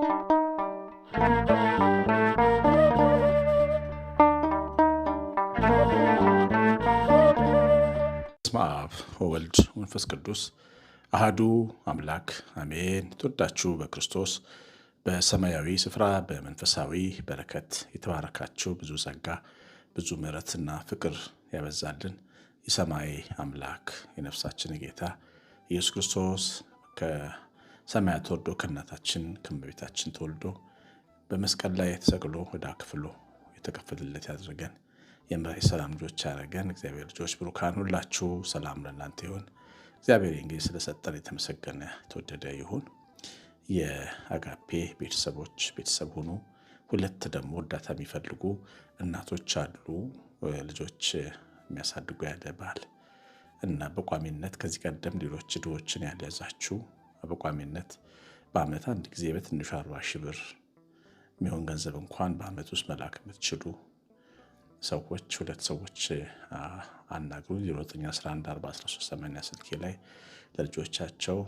በስመ አብ ወወልድ ወመንፈስ ቅዱስ አህዱ አምላክ አሜን። ትወዳችሁ በክርስቶስ በሰማያዊ ስፍራ በመንፈሳዊ በረከት የተባረካችሁ ብዙ ጸጋ ብዙ ምሕረትና ፍቅር ያበዛልን የሰማይ አምላክ የነፍሳችን ጌታ ኢየሱስ ክርስቶስ ሰማያት ወርዶ ከእናታችን ከእመቤታችን ተወልዶ በመስቀል ላይ ተሰቅሎ ወዳ ክፍሎ የተከፈለለት ያደረገን የምሕረት ሰላም ልጆች ያደረገን እግዚአብሔር ልጆች ብሩካን ሁላችሁ ሰላም ለእናንተ ይሁን። እግዚአብሔር እንግዲህ ስለሰጠን የተመሰገነ የተወደደ ይሁን። የአጋፔ ቤተሰቦች ቤተሰብ ሆኑ። ሁለት ደግሞ እርዳታ የሚፈልጉ እናቶች አሉ፣ ልጆች የሚያሳድጉ ያለ ባል እና በቋሚነት ከዚህ ቀደም ሌሎች ድሆችን ያልያዛችሁ በቋሚነት በአመት አንድ ጊዜ በትንሹ አርባ ሺህ ብር የሚሆን ገንዘብ እንኳን በዓመት ውስጥ መላክ የምትችሉ ሰዎች ሁለት ሰዎች አናግሩ። 0911411380 ስልኬ ላይ ለልጆቻቸው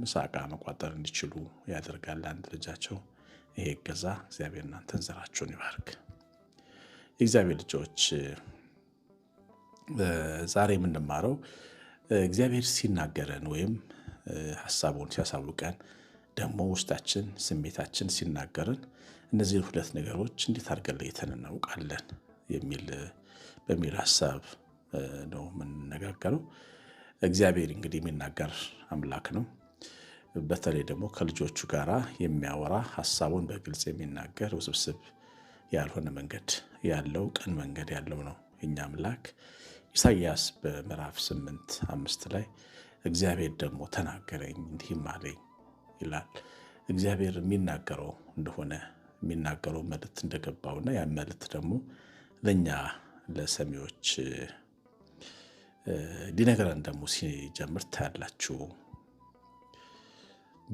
ምሳቃ መቋጠር እንዲችሉ ያደርጋል። አንድ ልጃቸው ይሄ እገዛ እግዚአብሔር እናንተን ዘራችሁን ይባርክ። የእግዚአብሔር ልጆች ዛሬ የምንማረው እግዚአብሔር ሲናገረን ወይም ሀሳቡን ሲያሳውቀን ደግሞ ውስጣችን ስሜታችን ሲናገርን እነዚህን ሁለት ነገሮች እንዴት አድርገን ለይተን እናውቃለን የሚል በሚል ሀሳብ ነው የምንነጋገረው። እግዚአብሔር እንግዲህ የሚናገር አምላክ ነው። በተለይ ደግሞ ከልጆቹ ጋራ የሚያወራ ሀሳቡን በግልጽ የሚናገር ውስብስብ ያልሆነ መንገድ ያለው ቀን መንገድ ያለው ነው የኛ አምላክ። ኢሳያስ በምዕራፍ ስምንት አምስት ላይ እግዚአብሔር ደግሞ ተናገረኝ እንዲህም አለኝ ይላል። እግዚአብሔር የሚናገረው እንደሆነ የሚናገረው መልእክት እንደገባውና ያን መልእክት ደግሞ ለእኛ ለሰሚዎች ሊነገረን ደግሞ ሲጀምር ታያላችሁ።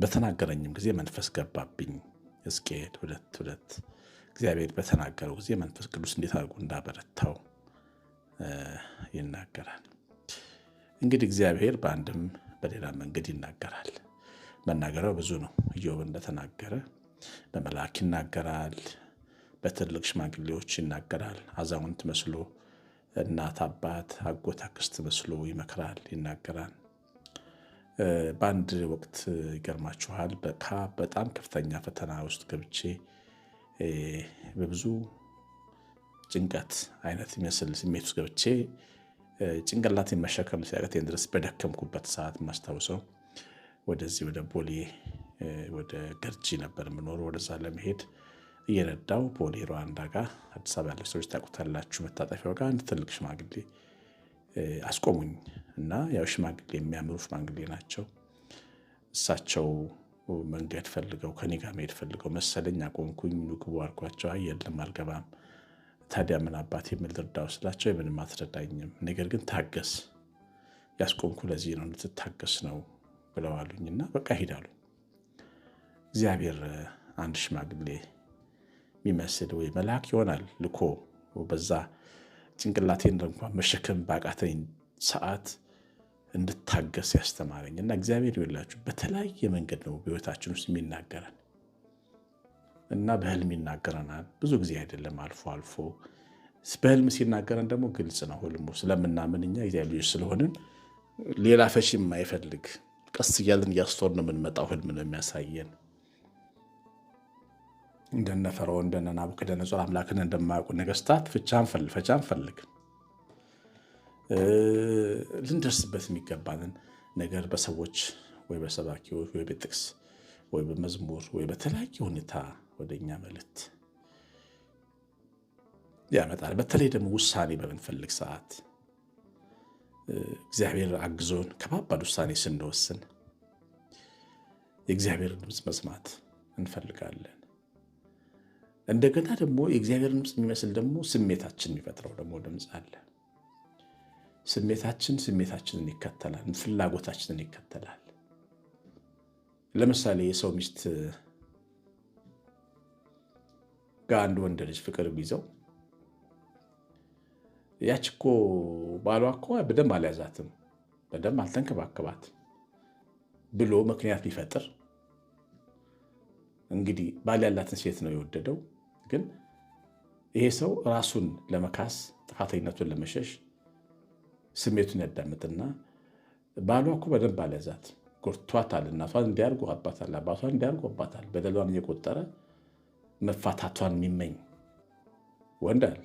በተናገረኝም ጊዜ መንፈስ ገባብኝ። ሕዝቅኤል ሁለት ሁለት እግዚአብሔር በተናገረው ጊዜ መንፈስ ቅዱስ እንዴት አድርጎ እንዳበረታው ይናገራል። እንግዲህ እግዚአብሔር በአንድም በሌላ መንገድ ይናገራል። መናገሪያው ብዙ ነው። እዮብ እንደተናገረ በመልአክ ይናገራል፣ በትልቅ ሽማግሌዎች ይናገራል። አዛውንት መስሎ እናት፣ አባት፣ አጎት፣ አክስት መስሎ ይመክራል፣ ይናገራል። በአንድ ወቅት ይገርማችኋል በካ በጣም ከፍተኛ ፈተና ውስጥ ገብቼ በብዙ ጭንቀት አይነት የሚመስል ስሜት ውስጥ ገብቼ ጭንቅላት መሸከም ሲያቅተኝ ድረስ በደከምኩበት ሰዓት ማስታውሰው ወደዚህ ወደ ቦሌ ወደ ገርጂ ነበር የምኖረው። ወደዛ ለመሄድ እየነዳው ቦሌ ሩዋንዳ ጋር አዲስ አበባ ያለ ሰዎች ታውቁታላችሁ፣ መታጠፊያው ጋር አንድ ትልቅ ሽማግሌ አስቆሙኝ እና ያው ሽማግሌ የሚያምሩ ሽማግሌ ናቸው። እሳቸው መንገድ ፈልገው ከኔ ጋር መሄድ ፈልገው መሰለኝ አቆምኩኝ። ግቡ አልኳቸው። አይ የለም አልገባም ታዲያ ምን አባት የሚል ድርዳው ስላቸው የምንም አትረዳኝም፣ ነገር ግን ታገስ፣ ያስቆምኩ ለዚህ ነው እንድትታገስ ነው እና በቃ ሄዳሉ። እግዚአብሔር አንድ ሽማግሌ የሚመስል ወይ መልአክ ይሆናል ልኮ በዛ ጭንቅላቴን እንኳን መሸከም በአቃተኝ ሰዓት እንድታገስ ያስተማረኝ እና እግዚአብሔር ይላችሁ በተለያየ መንገድ ነው በህይወታችን ውስጥ የሚናገረን እና በህልም ይናገረናል። ብዙ ጊዜ አይደለም፣ አልፎ አልፎ በህልም ሲናገረን ደግሞ ግልጽ ነው ህልሙ። ስለምናምን እኛ የዚያ ልጆች ስለሆንን ሌላ ፈሽ የማይፈልግ ቀስ እያልን እያስተዋልን ነው የምንመጣው። ህልም ነው የሚያሳየን። እንደነ ፈርዖን እንደነ ናቡከደነጾር አምላክን እንደማያውቁ ነገስታት ፈቻን ፈልግ ልንደርስበት የሚገባንን ነገር በሰዎች ወይ በሰባኪዎች ወይ በጥቅስ ወይ በመዝሙር ወይ በተለያየ ሁኔታ ወደ እኛ ያመጣል። በተለይ ደግሞ ውሳኔ በምንፈልግ ሰዓት እግዚአብሔር አግዞን ከባባድ ውሳኔ ስንወስን የእግዚአብሔርን ድምፅ መስማት እንፈልጋለን። እንደገና ደግሞ የእግዚአብሔርን ድምፅ የሚመስል ደግሞ ስሜታችን የሚፈጥረው ደግሞ ድምፅ አለ። ስሜታችን ስሜታችንን ይከተላል፣ ፍላጎታችንን ይከተላል። ለምሳሌ የሰው ሚስት ከአንድ ወንድ ልጅ ፍቅር ቢይዘው ያች እኮ ባሏ እኮ በደንብ አልያዛትም፣ በደንብ አልተንከባከባት ብሎ ምክንያት ቢፈጥር እንግዲህ ባል ያላትን ሴት ነው የወደደው። ግን ይሄ ሰው ራሱን ለመካስ ጥፋተኝነቱን ለመሸሽ ስሜቱን ያዳምጥና ባሏ እኮ በደንብ አልያዛትም፣ ጎድቷታል፣ እናቷን እንዲያርጎባታል፣ አባቷን አባታል በደሏን እየቆጠረ መፋታቷን የሚመኝ ወንድ አለ።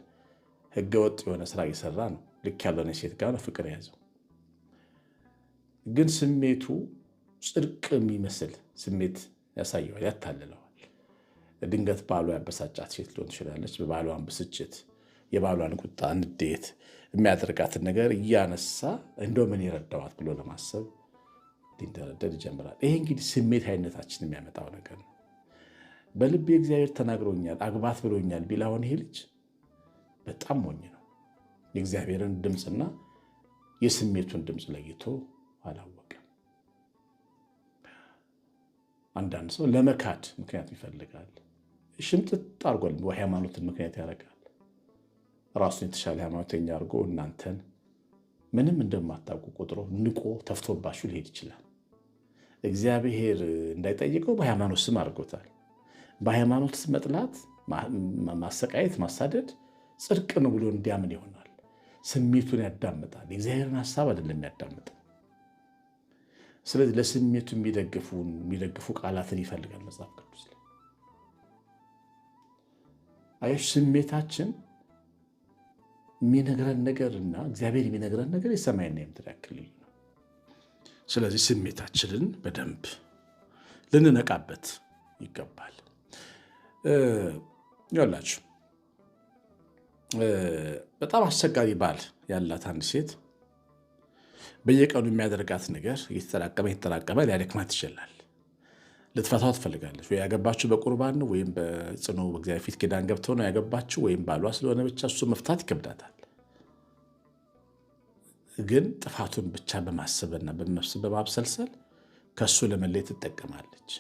ህገ ወጥ የሆነ ስራ እየሰራ ነው። ልክ ያለሆነ ሴት ጋር ነው ፍቅር የያዘው። ግን ስሜቱ ጽድቅ የሚመስል ስሜት ያሳየዋል፣ ያታልለዋል። ድንገት ባሏ ያበሳጫት ሴት ሊሆን ትችላለች። በባሏን ብስጭት፣ የባሏን ቁጣ፣ ንዴት የሚያደርጋትን ነገር እያነሳ እንደው ምን ይረዳዋት ብሎ ለማሰብ ሊንደረደር ይጀምራል። ይሄ እንግዲህ ስሜት አይነታችን የሚያመጣው ነገር ነው። በልቤ እግዚአብሔር ተናግሮኛል፣ አግባት ብሎኛል ቢላሆን ይሄ ልጅ በጣም ሞኝ ነው። የእግዚአብሔርን ድምፅና የስሜቱን ድምፅ ለይቶ አላወቀም። አንዳንድ ሰው ለመካድ ምክንያት ይፈልጋል። ሽምጥጥ አድርጓል። ሃይማኖትን ምክንያት ያደርጋል። ራሱን የተሻለ ሃይማኖተኛ አድርጎ እናንተን ምንም እንደማታውቁ ቁጥሮ ንቆ ተፍቶባችሁ ሊሄድ ይችላል። እግዚአብሔር እንዳይጠይቀው በሃይማኖት ስም አድርጎታል። በሃይማኖት መጥላት፣ ማሰቃየት፣ ማሳደድ ጽድቅ ነው ብሎ እንዲያምን ይሆናል። ስሜቱን ያዳምጣል። የእግዚአብሔርን ሀሳብ አይደለም ያዳምጥ። ስለዚህ ለስሜቱ የሚደግፉ ቃላትን ይፈልጋል መጽሐፍ ቅዱስ ላይ አየሽ። ስሜታችን የሚነግረን ነገር እና እግዚአብሔር የሚነግረን ነገር የሰማይና የምድር ያክል ልዩ ነው። ስለዚህ ስሜታችንን በደንብ ልንነቃበት ይገባል። ይላችሁ በጣም አስቸጋሪ ባል ያላት አንድ ሴት በየቀኑ የሚያደርጋት ነገር እየተጠራቀመ እየተጠራቀመ ሊያደክማት ይችላል። ልትፈታው ትፈልጋለች። ወይ ያገባችሁ በቁርባን ነው፣ ወይም በጽኑ በእግዚአብሔር ፊት ኪዳን ገብተው ነው ያገባችሁ፣ ወይም ባሏ ስለሆነ ብቻ እሱ መፍታት ይከብዳታል። ግን ጥፋቱን ብቻ በማሰብና በማብሰልሰል ከእሱ ለመለየት ትጠቀማለች።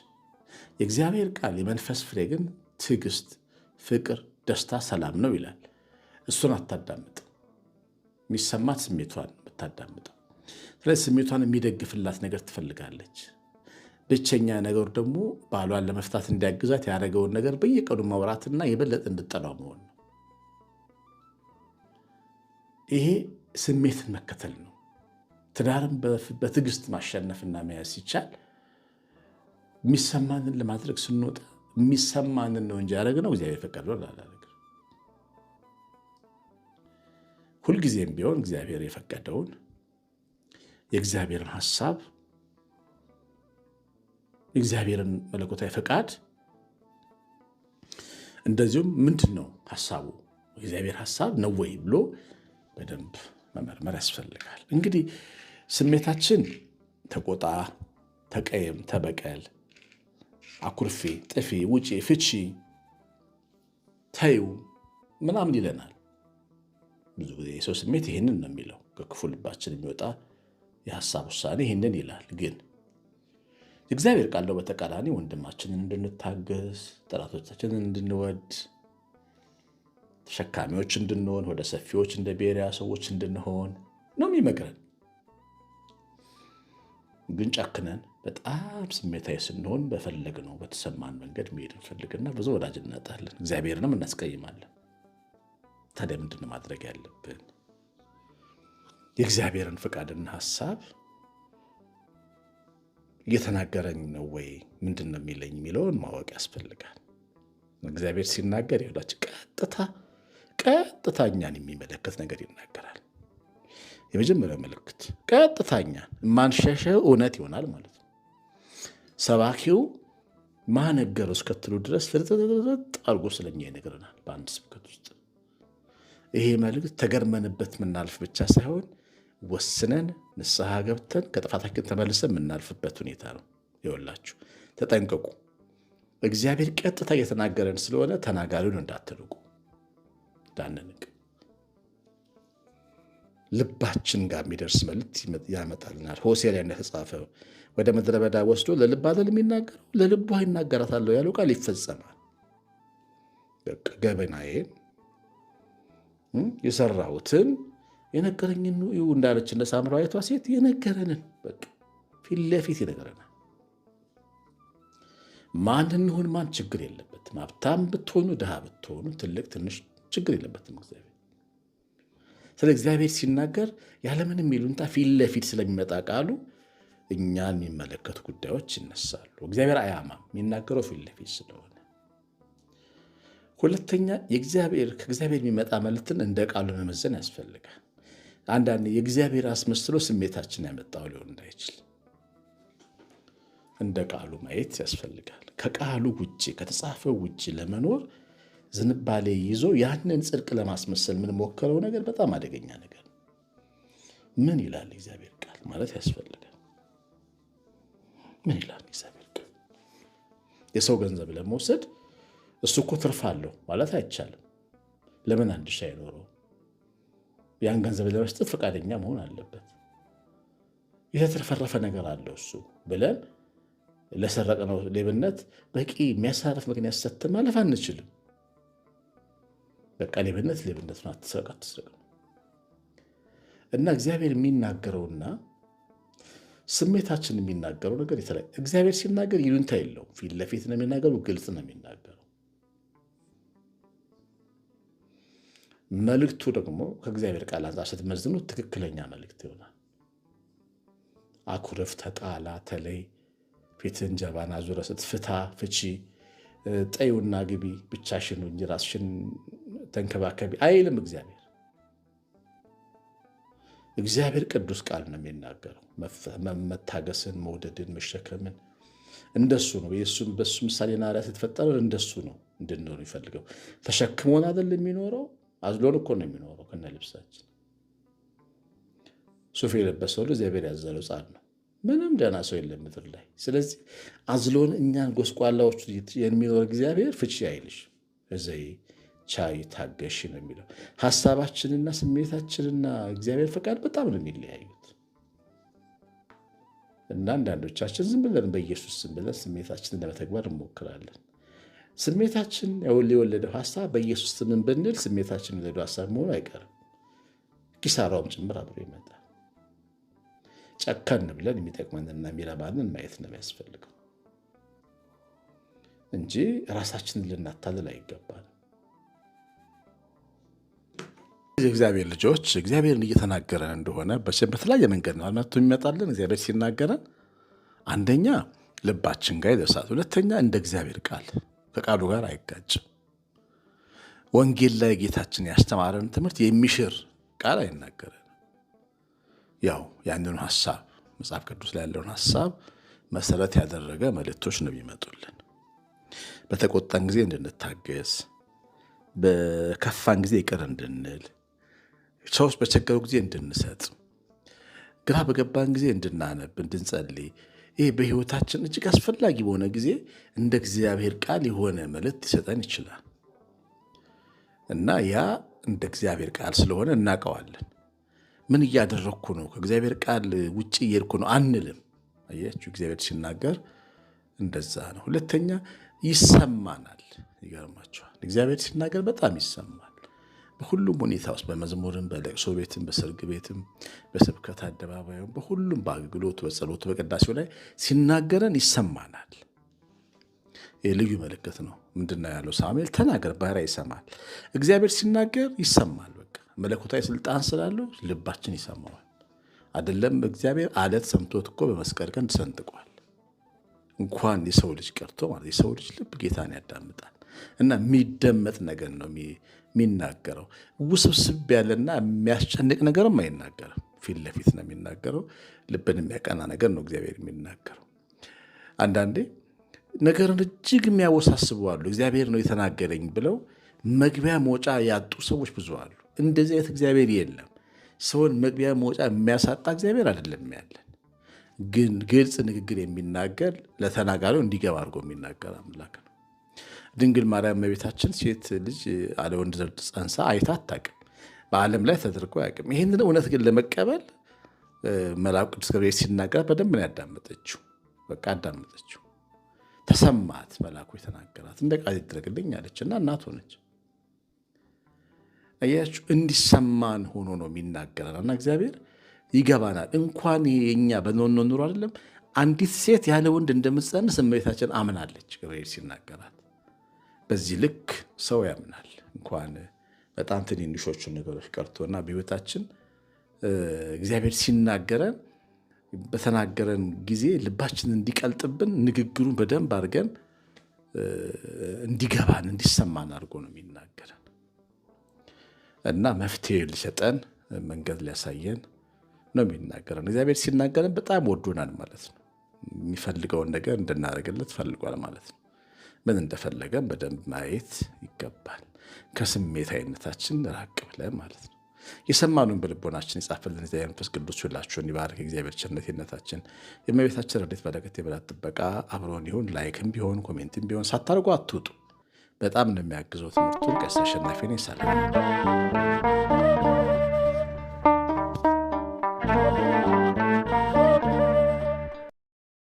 የእግዚአብሔር ቃል የመንፈስ ፍሬ ግን ትዕግስት፣ ፍቅር፣ ደስታ፣ ሰላም ነው ይላል። እሱን አታዳምጥም። የሚሰማት ስሜቷን የምታዳምጠው። ስለዚህ ስሜቷን የሚደግፍላት ነገር ትፈልጋለች። ብቸኛ ነገር ደግሞ ባሏን ለመፍታት እንዲያግዛት ያደረገውን ነገር በየቀኑ መውራትና የበለጠ እንድጠላው መሆን ነው። ይሄ ስሜትን መከተል ነው። ትዳርን በትዕግስት ማሸነፍና መያዝ ሲቻል የሚሰማንን ለማድረግ ስንወጣ የሚሰማንን ነው እንጂ ያደረግነው እግዚአብሔር የፈቀደውን አላደረግንም። ሁልጊዜም ቢሆን እግዚአብሔር የፈቀደውን የእግዚአብሔርን ሀሳብ የእግዚአብሔርን መለኮታዊ ፈቃድ እንደዚሁም ምንድን ነው ሀሳቡ እግዚአብሔር ሀሳብ ነው ወይ ብሎ በደንብ መመርመር ያስፈልጋል። እንግዲህ ስሜታችን ተቆጣ፣ ተቀየም፣ ተበቀል አኩርፌ፣ ጥፌ፣ ውጪ፣ ፍቺ፣ ተዩ ምናምን ይለናል። ብዙ ጊዜ የሰው ስሜት ይህንን ነው የሚለው። ከክፉ ልባችን የሚወጣ የሀሳብ ውሳኔ ይህንን ይላል። ግን እግዚአብሔር ቃለው በተቃራኒ ወንድማችንን እንድንታገስ፣ ጠላቶቻችንን እንድንወድ፣ ተሸካሚዎች እንድንሆን፣ ወደ ሰፊዎች እንደ ብሔሪያ ሰዎች እንድንሆን ነው የሚመክረን። ግን ጨክነን በጣም ስሜታዊ ስንሆን በፈለግነው በተሰማን መንገድ መሄድ እንፈልግና ብዙ ወዳጅ እናጣለን፣ እግዚአብሔርንም እናስቀይማለን። ታዲያ ምንድን ማድረግ ያለብን? የእግዚአብሔርን ፍቃድና ሀሳብ እየተናገረኝ ነው ወይ ምንድን ነው የሚለኝ የሚለውን ማወቅ ያስፈልጋል። እግዚአብሔር ሲናገር ይኸውላችሁ ቀጥታ ቀጥታ እኛን የሚመለከት ነገር ይናገራል። የመጀመሪያው ምልክት ቀጥታ እኛን የማንሸሸው እውነት ይሆናል ማለት ነው። ሰባኪው ማነገር እስከትሉ ድረስ ፍርጥርጥ አድርጎ ስለኛ ይነግረናል። በአንድ ስብከት ውስጥ ይሄ መልእክት ተገርመንበት ምናልፍ ብቻ ሳይሆን ወስነን ንስሐ ገብተን ከጥፋታችን ተመልሰን የምናልፍበት ሁኔታ ነው። ይወላችሁ ተጠንቀቁ። እግዚአብሔር ቀጥታ እየተናገረን ስለሆነ ተናጋሪውን እንዳትንቁ፣ እንዳንንቅ ልባችን ጋር የሚደርስ መልእክት ያመጣልናል። ሆሴ ላይ እንደተጻፈ ወደ ምድረ በዳ ወስዶ ለልብ አይደል የሚናገረው? ለልቧ ይናገራታለሁ ያለው ቃል ይፈጸማል። ገበናዬን የሰራሁትን የነገረኝን ይሁ እንዳለች እንደ ሳምራዊቷ ሴት የነገረንን በቃ ፊት ለፊት ይነገረናል። ማን እንሆን ማን ችግር የለበትም። ሀብታም ብትሆኑ ድሃ ብትሆኑ ትልቅ ትንሽ ችግር የለበትም እግዚአብሔር ስለ እግዚአብሔር ሲናገር ያለምንም ይሉንታ ፊት ለፊት ስለሚመጣ ቃሉ እኛን የሚመለከቱ ጉዳዮች ይነሳሉ። እግዚአብሔር አያማም፣ የሚናገረው ፊት ለፊት ስለሆነ። ሁለተኛ የእግዚአብሔር ከእግዚአብሔር የሚመጣ መልእክትን እንደ ቃሉ መመዘን ያስፈልጋል። አንዳንድ የእግዚአብሔር አስመስሎ ስሜታችን ያመጣው ሊሆን እንዳይችል እንደ ቃሉ ማየት ያስፈልጋል። ከቃሉ ውጭ ከተጻፈው ውጭ ለመኖር ዝንባሌ ይዞ ያንን ጽድቅ ለማስመሰል የምንሞክረው ነገር በጣም አደገኛ ነገር። ምን ይላል እግዚአብሔር ቃል ማለት ያስፈልጋል። ምን ይላል እግዚአብሔር? የሰው ገንዘብ ለመውሰድ እሱ እኮ ትርፍ አለው ማለት አይቻልም። ለምን አንድ ሻ አይኖረው? ያን ገንዘብ ለመስጠት ፈቃደኛ መሆን አለበት። የተትረፈረፈ ነገር አለው እሱ ብለን ለሰረቅነው ሌብነት በቂ የሚያሳርፍ ምክንያት ሰጥተን ማለፍ አንችልም። በቃ ሌብነት ሌብነት አትስረቅ አትስረቅ እና እግዚአብሔር የሚናገረውና ስሜታችን የሚናገረው ነገር የተለያየ። እግዚአብሔር ሲናገር ይሉንታ የለውም። ፊት ለፊት ነው የሚናገረው፣ ግልጽ ነው የሚናገረው። መልእክቱ ደግሞ ከእግዚአብሔር ቃል አንጻር ስትመዝኑ ትክክለኛ መልእክት ይሆናል። አኩርፍ፣ ተጣላ፣ ተለይ፣ ፊትን ጀባና ዙረ ስትፍታ፣ ፍቺ፣ ጠዩና ግቢ፣ ብቻሽን እንጂ ራስሽን ተንከባከቢ አይልም እግዚአብሔር እግዚአብሔር ቅዱስ ቃል ነው የሚናገረው። መታገስን፣ መውደድን፣ መሸከምን እንደሱ ነው። የእሱም በሱ ምሳሌ ናሪያ ስትፈጠረ እንደሱ ነው እንድንሆን ይፈልገው። ተሸክሞን አይደል የሚኖረው፣ አዝሎን እኮ ነው የሚኖረው ከነ ልብሳችን። ሱፍ የለበሰ ሁሉ እግዚአብሔር ያዘለው ጻድ ነው። ምንም ደህና ሰው የለም ምድር ላይ። ስለዚህ አዝሎን እኛን ጎስቋላዎቹ የሚኖር እግዚአብሔር ፍቺ አይልሽ እዘይ ቻይ ታገሺ ነው የሚለው። ሀሳባችንና ስሜታችንና እግዚአብሔር ፈቃድ በጣም ነው የሚለያዩት እና አንዳንዶቻችን ዝም ብለን በኢየሱስ ዝም ብለን ስሜታችንን ለመተግበር እንሞክራለን። ስሜታችን የወለደው ሀሳብ በኢየሱስ ስምን ብንል ስሜታችን የወለደው ሀሳብ መሆኑ አይቀርም። ኪሳራውም ጭምር አብሮ ይመጣል። ጨከን ብለን የሚጠቅመንና የሚረባንን ማየት ነው የሚያስፈልገው እንጂ ራሳችንን ልናታልል አይገባል። ስለዚህ እግዚአብሔር ልጆች እግዚአብሔርን እየተናገረን እንደሆነ በተለያየ መንገድ ነው አልማቱ የሚመጣልን። እግዚአብሔር ሲናገረን አንደኛ ልባችን ጋር ይደርሳል፣ ሁለተኛ እንደ እግዚአብሔር ቃል ከቃሉ ጋር አይጋጭም። ወንጌል ላይ ጌታችን ያስተማረን ትምህርት የሚሽር ቃል አይናገረን። ያው ያንኑ ሀሳብ መጽሐፍ ቅዱስ ላይ ያለውን ሀሳብ መሰረት ያደረገ መልእክቶች ነው የሚመጡልን። በተቆጣን ጊዜ እንድንታገስ፣ በከፋን ጊዜ ይቅር እንድንል ሰዎች በቸገረው ጊዜ እንድንሰጥ፣ ግራ በገባን ጊዜ እንድናነብ፣ እንድንጸልይ ይህ በህይወታችን እጅግ አስፈላጊ በሆነ ጊዜ እንደ እግዚአብሔር ቃል የሆነ መልእክት ሊሰጠን ይችላል እና ያ እንደ እግዚአብሔር ቃል ስለሆነ እናውቀዋለን። ምን እያደረግኩ ነው? ከእግዚአብሔር ቃል ውጭ እየሄድኩ ነው አንልም። አያችሁ፣ እግዚአብሔር ሲናገር እንደዛ ነው። ሁለተኛ ይሰማናል። ይገርማቸዋል። እግዚአብሔር ሲናገር በጣም ይሰማል። በሁሉም ሁኔታ ውስጥ በመዝሙርም፣ በለቅሶ ቤትም፣ በሰርግ ቤትም፣ በስብከት አደባባይም በሁሉም በአገልግሎት በጸሎት በቅዳሴው ላይ ሲናገረን ይሰማናል። ልዩ ምልክት ነው። ምንድነው ያለው ሳሙኤል? ተናገር ባህራ ይሰማል። እግዚአብሔር ሲናገር ይሰማል። በቃ መለኮታዊ ስልጣን ስላለው ልባችን ይሰማዋል። አይደለም እግዚአብሔር አለት ሰምቶት እኮ በመስቀል ቀን ሰንጥቋል። እንኳን የሰው ልጅ ቀርቶ ማለት የሰው ልጅ ልብ ጌታን ያዳምጣል። እና የሚደመጥ ነገር ነው የሚናገረው። ውስብስብ ያለና የሚያስጨንቅ ነገርም አይናገርም። ፊት ለፊት ነው የሚናገረው። ልብን የሚያቀና ነገር ነው እግዚአብሔር የሚናገረው። አንዳንዴ ነገርን እጅግ የሚያወሳስቡ አሉ። እግዚአብሔር ነው የተናገረኝ ብለው መግቢያ መውጫ ያጡ ሰዎች ብዙ አሉ። እንደዚህ አይነት እግዚአብሔር የለም። ሰውን መግቢያ መውጫ የሚያሳጣ እግዚአብሔር አይደለም ያለን። ግን ግልጽ ንግግር የሚናገር ለተናጋሪው እንዲገባ አድርጎ የሚናገር አምላክ ድንግል ማርያም መቤታችን ሴት ልጅ አለ ወንድ ዘር ጸንሳ አይታ አታውቅም። በዓለም ላይ ተደርጎ አያውቅም። ይህንን እውነት ግን ለመቀበል መልአኩ ቅዱስ ገብርኤል ሲናገር በደንብ ነው ያዳመጠችው። በቃ አዳመጠችው፣ ተሰማት። መልአኩ የተናገራት እንደ ቃል ይደረግልኝ አለች እና እናት ሆነች። አያችሁ እንዲሰማን ሆኖ ነው የሚናገረን እና እግዚአብሔር ይገባናል። እንኳን የኛ የእኛ በኖኖ ኑሮ አይደለም። አንዲት ሴት ያለ ወንድ እንደምትጸንስ እመቤታችን አምናለች ገብርኤል ሲናገራት በዚህ ልክ ሰው ያምናል። እንኳን በጣም ትንንሾቹ ነገሮች ቀርቶና በሕይወታችን እግዚአብሔር ሲናገረን በተናገረን ጊዜ ልባችን እንዲቀልጥብን ንግግሩን በደንብ አድርገን እንዲገባን እንዲሰማን አድርጎ ነው የሚናገረን እና መፍትሄ ሊሰጠን መንገድ ሊያሳየን ነው የሚናገረን። እግዚአብሔር ሲናገረን በጣም ወዶናል ማለት ነው። የሚፈልገውን ነገር እንድናደርግለት ፈልጓል ማለት ነው። ምን እንደፈለገ በደንብ ማየት ይገባል። ከስሜት አይነታችን ራቅ ብለ ማለት ነው። የሰማኑን በልቦናችን የጻፈልን ዚ መንፈስ ቅዱስ ሁላችሁን ይባርክ። እግዚአብሔር ቸርነትነታችን የመቤታችን ረድኤት በረከት የበላት ጥበቃ አብሮን ይሁን። ላይክም ቢሆን ኮሜንትም ቢሆን ሳታርጉ አትውጡ። በጣም እንደሚያግዘው ትምህርቱን። ቀሲስ አሸናፊን ነኝ።